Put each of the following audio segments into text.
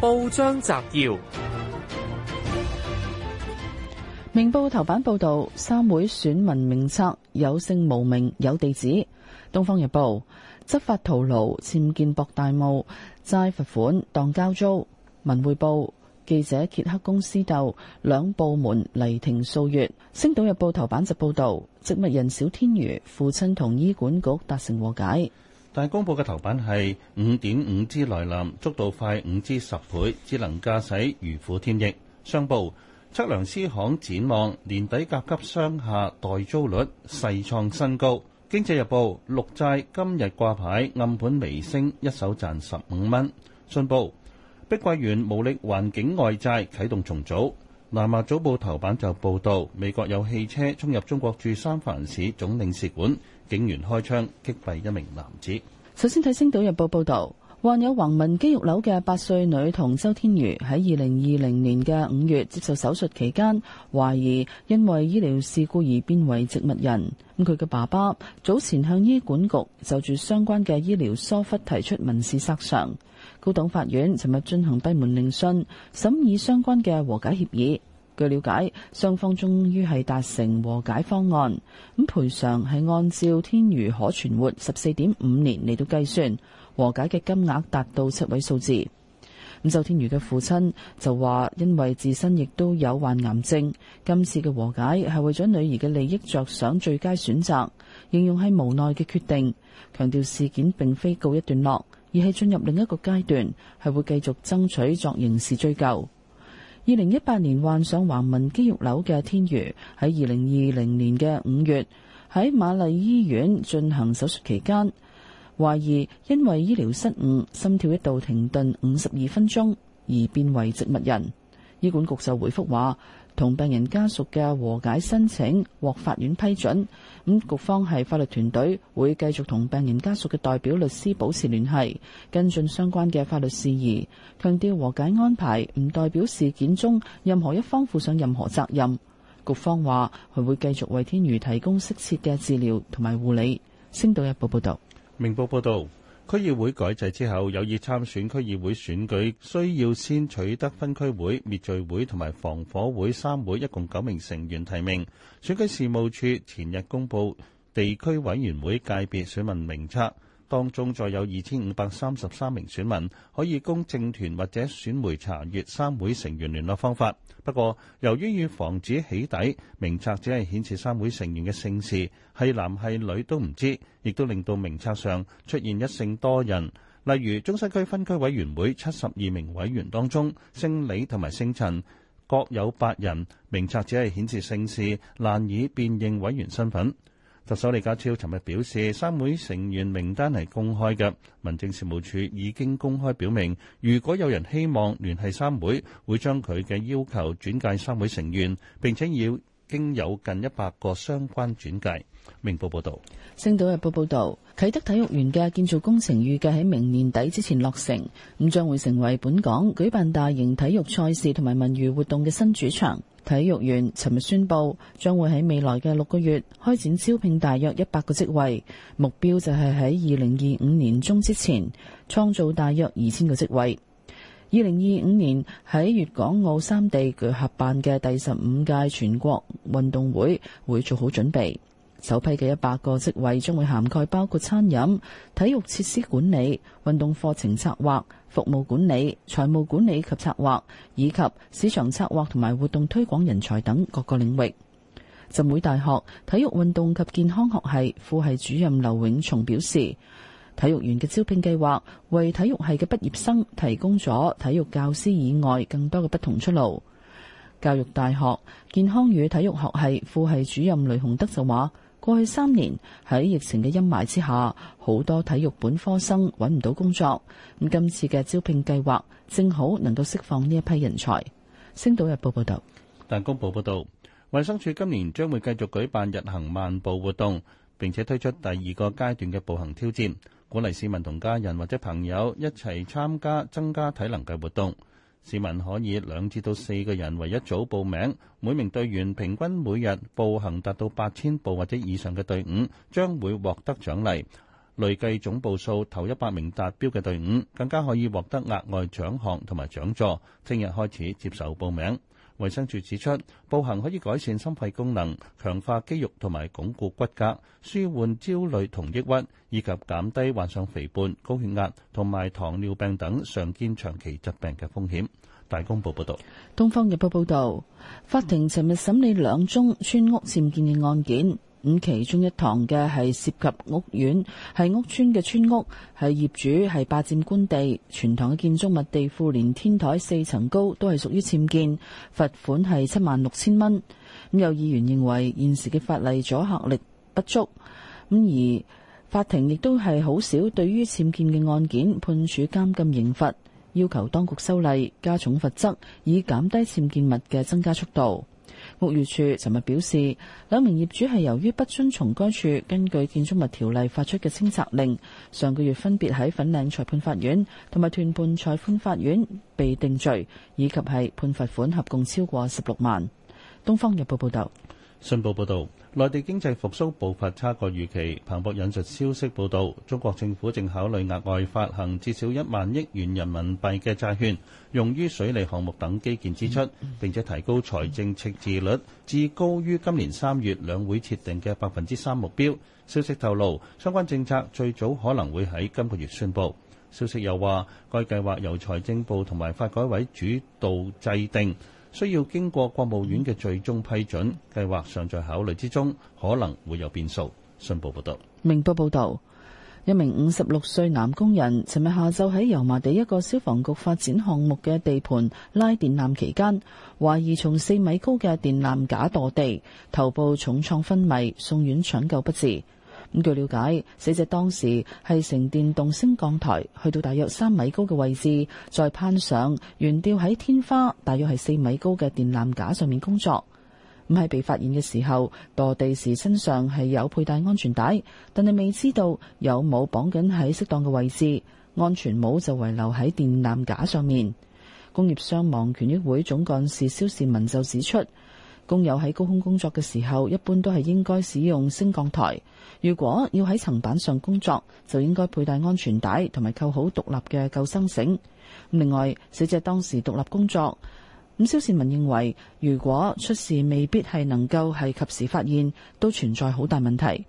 報章摘要：明報頭版報道，三會選民名冊有姓無名，有地址。東方日報執法徒勞，僭建博大霧，齋罰款當交租。文匯報記者揭黑公司鬥，兩部門釐停數月。星島日報頭版就報道，植物人小天魚父親同醫管局達成和解。大公報嘅頭版係五點五 G 來臨，速度快五至十倍；智能駕駛如虎添翼。商報測量師行展望年底甲級商下代租率勢創新高。經濟日報綠債今日掛牌，暗盤微升，一手賺十五蚊。信報碧桂園無力環境外債啟動重組。南華早報頭版就報導美國有汽車衝入中國駐三藩市總領事館。警員開槍擊斃一名男子。首先睇《星島日報》報道，患有橫紋肌肉瘤嘅八歲女童周天瑜喺二零二零年嘅五月接受手術期間，懷疑因為醫療事故而變為植物人。咁佢嘅爸爸早前向醫管局就住相關嘅醫療疏忽提出民事索償。高等法院尋日進行閉門聆訊，審議相關嘅和解協議。據了解，雙方終於係達成和解方案。咁賠償係按照天瑜可存活十四點五年嚟到計算，和解嘅金額達到七位數字。咁、嗯、周天瑜嘅父親就話，因為自身亦都有患癌症，今次嘅和解係為咗女兒嘅利益着想最佳選擇，形容係無奈嘅決定。強調事件並非告一段落，而係進入另一個階段，係會繼續爭取作刑事追究。二零一八年患上橫紋肌肉瘤嘅天如，喺二零二零年嘅五月喺瑪麗醫院進行手術期間，懷疑因為醫療失誤，心跳一度停頓五十二分鐘，而變為植物人。醫管局就回覆話。同病人家屬嘅和解申請獲法院批准，咁局方係法律團隊會繼續同病人家屬嘅代表律師保持聯繫，跟進相關嘅法律事宜。強調和解安排唔代表事件中任何一方負上任何責任。局方話佢會繼續為天宇提供適切嘅治療同埋護理。星島日報報道，明報報道。區議會改制之後，有意參選區議會選舉，需要先取得分區會、滅罪會同埋防火會三會一共九名成員提名。選舉事務處前日公布地區委員會界別選民名冊。當中再有二千五百三十三名選民，可以供政團或者選會查閲三會成員聯絡方法。不過，由於要防止起底，名冊只係顯示三會成員嘅姓氏，係男係女都唔知，亦都令到名冊上出現一姓多人。例如，中西區分區委員會七十二名委員當中，姓李同埋姓陳各有八人，名冊只係顯示姓氏，難以辨認委員身份。特首李家超尋日表示，三會成員名單係公開嘅，民政事務處已經公開表明，如果有人希望聯繫三會，會將佢嘅要求轉介三會成員。並且要經有近一百個相關轉介。明報報導，《星島日報》報道，啟德體育園嘅建造工程預計喺明年底之前落成，咁將會成為本港舉辦大型體育賽事同埋文娛活動嘅新主場。體育園尋日宣布，將會喺未來嘅六個月開展招聘大約一百個職位，目標就係喺二零二五年中之前創造大約二千個職位。二零二五年喺粵港澳三地合辦嘅第十五屆全國運動會會做好準備。首批嘅一百個職位將會涵蓋包括餐飲、體育設施管理、運動課程策劃、服務管理、財務管理及策劃，以及市場策劃同埋活動推廣人才等各個領域。浸會大學體育運動及健康學系副系主任劉永松表示，體育員嘅招聘計劃為體育系嘅畢業生提供咗體育教師以外更多嘅不同出路。教育大學健康與體育學系副系主任雷洪德就話。過去三年喺疫情嘅陰霾之下，好多體育本科生揾唔到工作。咁今次嘅招聘計劃正好能夠釋放呢一批人才。星島日報報道，大公報報道，衛生署今年將會繼續舉辦日行萬步活動，並且推出第二個階段嘅步行挑戰，鼓勵市民同家人或者朋友一齊參加，增加體能嘅活動。市民可以兩至到四個人為一組報名，每名隊員平均每日步行達到八千步或者以上嘅隊伍將會獲得獎勵。累計總步數頭一百名達標嘅隊伍更加可以獲得額外獎項同埋獎座。聽日開始接受報名。衛生署指出，步行可以改善心肺功能，強化肌肉同埋鞏固骨骼，舒緩焦慮同抑鬱，以及減低患上肥胖、高血壓同埋糖尿病等常見長期疾病嘅風險。大公報報道，東方日報報道，法庭尋日審理兩宗村屋僭建嘅案件。咁其中一堂嘅，係涉及屋苑、係屋邨嘅村屋，係業主係霸佔官地，全堂嘅建築物地庫連天台四層高都係屬於僭建，罰款係七萬六千蚊。咁有議員認為現時嘅法例阻嚇力不足，咁而法庭亦都係好少對於僭建嘅案件判處監禁刑罰，要求當局修例加重罰則，以減低僭建物嘅增加速度。屋宇署尋日表示，兩名業主係由於不遵從該署根據建築物條例發出嘅清拆令，上個月分別喺粉嶺裁判法院同埋屯門裁判法院被定罪，以及係判罰款合共超過十六萬。《東方日報》報道。信報報導，內地經濟復甦步伐差過預期。彭博引述消息報導，中國政府正考慮額外發行至少一萬億元人民幣嘅債券，用於水利項目等基建支出，並且提高財政赤字率至高於今年三月兩會設定嘅百分之三目標。消息透露，相關政策最早可能會喺今個月宣佈。消息又話，該計劃由財政部同埋發改委主導制定。需要經過國務院嘅最終批准，計劃尚在考慮之中，可能會有變數。信報報道，明報報道，一名五十六歲男工人，尋日下晝喺油麻地一個消防局發展項目嘅地盤拉電纜期間，懷疑從四米高嘅電纜架墮地，頭部重創昏迷，送院搶救不治。咁據了解，死者當時係乘電動升降台去到大約三米高嘅位置，再攀上懸吊喺天花，大約係四米高嘅電纜架上面工作。咁喺被發現嘅時候，墮地時身上係有佩戴安全帶，但係未知道有冇綁緊喺適當嘅位置，安全帽就遺留喺電纜架上面。工業傷亡權益會總幹事蕭善文就指出，工友喺高空工作嘅時候，一般都係應該使用升降台。如果要喺層板上工作，就應該佩戴安全帶同埋扣好獨立嘅救生繩。另外，死者當時獨立工作。咁蕭善文認為，如果出事未必係能夠係及時發現，都存在好大問題。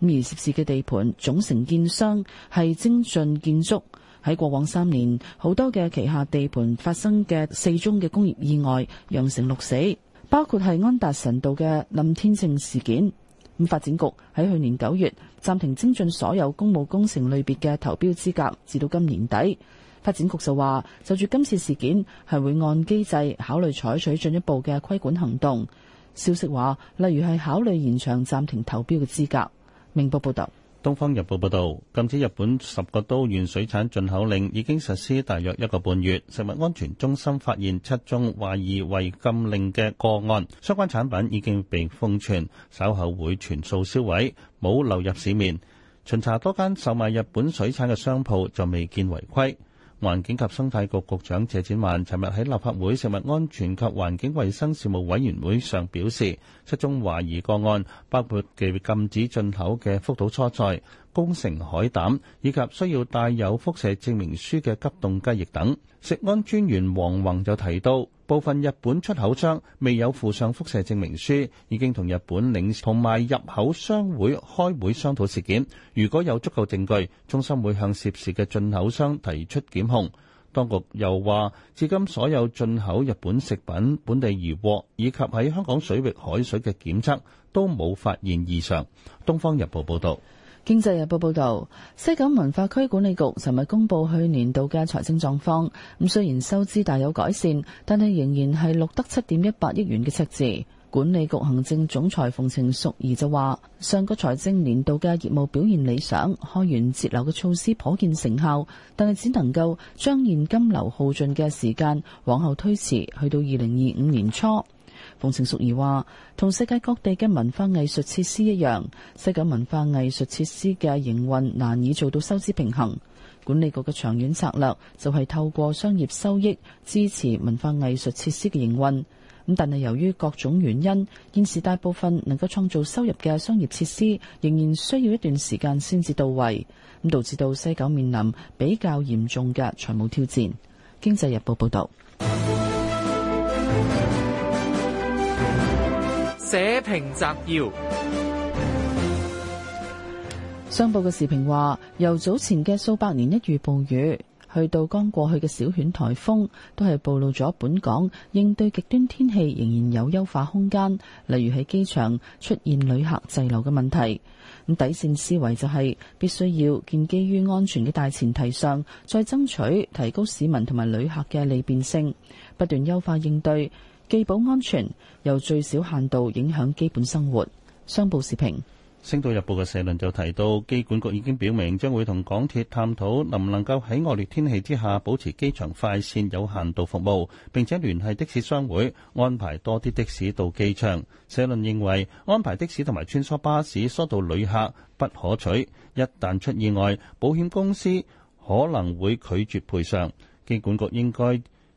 而涉事嘅地盤總承建商係精進建築，喺過往三年好多嘅旗下地盤發生嘅四宗嘅工業意外，釀成六死，包括係安達臣道嘅冧天秤事件。咁發展局喺去年九月暫停精進所有公務工程類別嘅投標資格，至到今年底。發展局就話，就住今次事件係會按機制考慮採取進一步嘅規管行動。消息話，例如係考慮延長暫停投標嘅資格。明報報道。《東方日報》報道，禁止日本十個都縣水產進口令已經實施大約一個半月，食物安全中心發現七宗懷疑違禁令嘅個案，相關產品已經被封存，稍後會全數銷毀，冇流入市面。巡查多間售賣日本水產嘅商鋪，就未見違規。環境及生態局局長謝展寰尋日喺立法會食物安全及環境衛生事務委員會上表示，七宗懷疑個案包括被禁止進口嘅福島蔬菜、宮城海膽以及需要帶有輻射證明書嘅急凍雞翼等。食安專員黃宏就提到。部分日本出口商未有附上輻射證明書，已經同日本領同埋入口商會開會商討事件。如果有足夠證據，中心會向涉事嘅進口商提出檢控。當局又話，至今所有進口日本食品、本地漁獲以及喺香港水域海水嘅檢測都冇發現異常。《東方日報》報道。經濟日報報道，西九文化區管理局尋日公布去年度嘅財政狀況。咁雖然收支大有改善，但係仍然係錄得七點一八億元嘅赤字。管理局行政總裁馮程淑儀就話，上個財政年度嘅業務表現理想，開源節流嘅措施頗見成效，但係只能夠將現金流耗盡嘅時間往後推遲，去到二零二五年初。馮程淑儀話：同世界各地嘅文化藝術設施一樣，西九文化藝術設施嘅營運難以做到收支平衡。管理局嘅長遠策略就係透過商業收益支持文化藝術設施嘅營運。咁但係由於各種原因，現時大部分能夠創造收入嘅商業設施仍然需要一段時間先至到位，咁導致到西九面臨比較嚴重嘅財務挑戰。經濟日報報道。 舍評摘要，商報嘅時評話：由早前嘅數百年一遇暴雨，去到剛過去嘅小犬颱風，都係暴露咗本港應對極端天氣仍然有優化空間。例如喺機場出現旅客滯留嘅問題。咁底線思維就係、是、必須要建基於安全嘅大前提上，再爭取提高市民同埋旅客嘅利便性，不斷優化應對。既保安全，又最少限度影響基本生活。商報時評。《星島日報》嘅社論就提到，機管局已經表明將會同港鐵探討，能唔能夠喺惡劣天氣之下保持機場快綫有限度服務，並且聯繫的士商會安排多啲的士到機場。社論認為，安排的士同埋穿梭巴士疏導旅客不可取，一旦出意外，保險公司可能會拒絕賠償。機管局應該。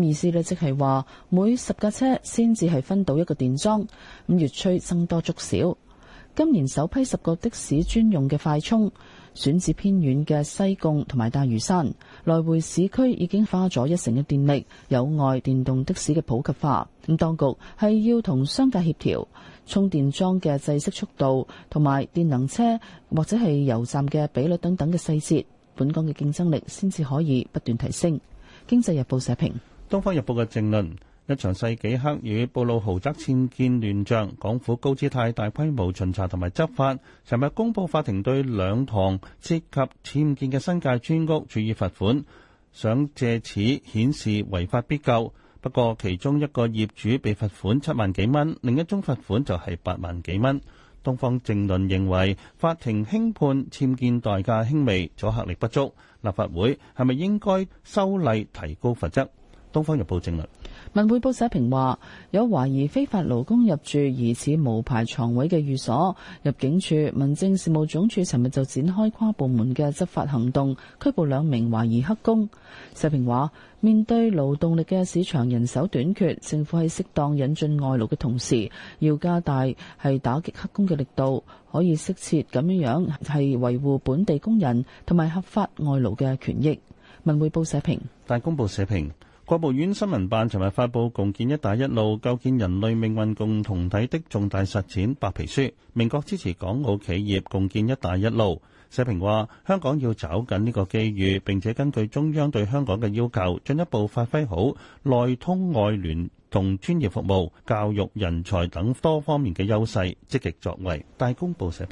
意思咧，即係話每十架車先至係分到一個電樁咁，越趨增多足少。今年首批十個的士專用嘅快充，選址偏遠嘅西貢同埋大嶼山，來回市區已經花咗一成嘅電力，有礙電動的士嘅普及化。咁，當局係要同商界協調充電樁嘅制式、速度同埋電能車或者係油站嘅比率等等嘅細節，本港嘅競爭力先至可以不斷提升。經濟日報社評。《東方日報》嘅正論：一場世紀黑雨，暴露豪宅僭建亂象。港府高姿態，大規模巡查同埋執法。尋日公佈法庭對兩堂涉及僭建嘅新界村屋處以罰款，想借此顯示違法必究。不過，其中一個業主被罰款七萬幾蚊，另一宗罰款就係八萬幾蚊。《東方》正論認為，法庭輕判僭建代價輕微，阻嚇力不足。立法會係咪應該修例提高罰則？《東方日報政》評論。文匯報社評話，有懷疑非法勞工入住疑似無牌床位嘅寓所。入境處民政事務總署尋日就展開跨部門嘅執法行動，拘捕兩名懷疑黑工。社評話，面對勞動力嘅市場人手短缺，政府喺適當引進外勞嘅同時，要加大係打擊黑工嘅力度，可以適切咁樣樣係維護本地工人同埋合法外勞嘅權益。文匯報社評，但公布社評。國務院新聞辦尋日發布《共建“一帶一路”構建人類命運共同體的重大實踐》白皮書，明確支持港澳企業共建“一帶一路”。社評話：香港要找緊呢個機遇，並且根據中央對香港嘅要求，進一步發揮好內通外聯同專業服務、教育人才等多方面嘅優勢，積極作為。大公報社評。